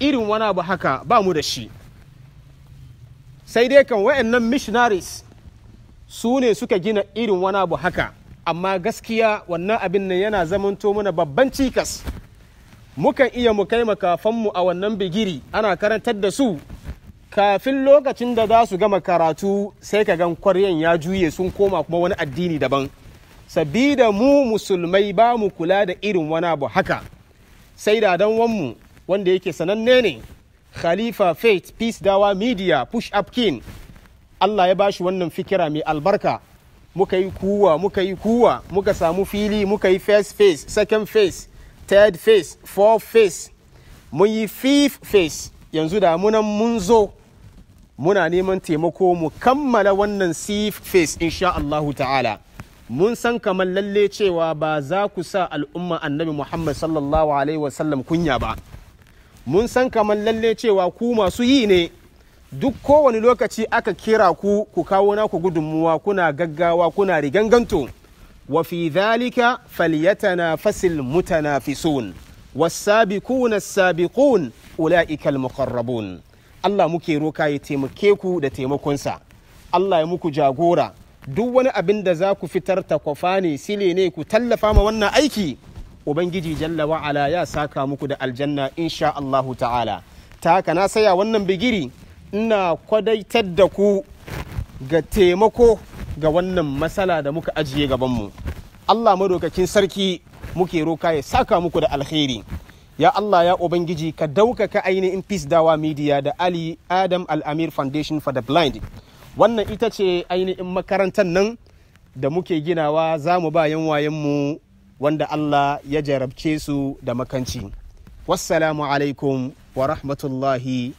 irin wani abu haka ba mu da shi sai dai kan nan missionaries su ne suka gina irin wani abu haka amma gaskiya wannan abin nan yana zamanto mana babban cikas mukan iya mu kai makafanmu a wannan bigiri ana karantar da su kafin lokacin da za su gama karatu sai ka gan kwaryan ya juye sun koma kuma wani addini daban sabida mu musulmai ba mu kula da irin wani abu haka sai da don wanmu wanda yake sananne ne khalifa faith peace dawa media push up king allah ya bashi wannan fikira mai albarka muka yi kuwa muka yi kuwa muka samu fili muka yi first face second face third face fourth face mun yi fifth face yanzu da munan mun zo muna neman taimako mu kammala wannan sixth face insha Allahu ta'ala mun san kamar lalle cewa ba za ku sa al'umma annabi Muhammad sallallahu alaihi wasallam kunya ba mun san kamar lalle cewa ku masu yi ne duk kowane lokaci aka kira ku ku kawo naku gudunmuwa kuna gaggawa kuna riganganto wa fi dhalika falyatanafasil mutanafisun was-sabiquna as-sabiqun ulaika al-muqarrabun Allah muke roka ya taimake ku da taimakonsa Allah ya muku jagora duk wani abin da za ku fitar ta takwafa ne sile ne ku tallafa ma wannan aiki ubangiji jalla wa'ala ya saka muku da aljanna insha Allahu ta'ala ta haka na saya wannan bigiri ina kwadaitar da ku ga taimako ga wannan matsala da muka ajiye gabanmu Allah madaukakin sarki muke roka ya saka muku da alkhairi ya Allah ya ubangiji ka daukaka ainihin peace dawa media da Ali Adam Al-Amir Foundation for the Blind wannan ita ce ainihin makarantar nan da muke ginawa za mu ba yan wayenmu wanda Allah ya jarabce su da makanci wassalamu alaikum wa rahmatullahi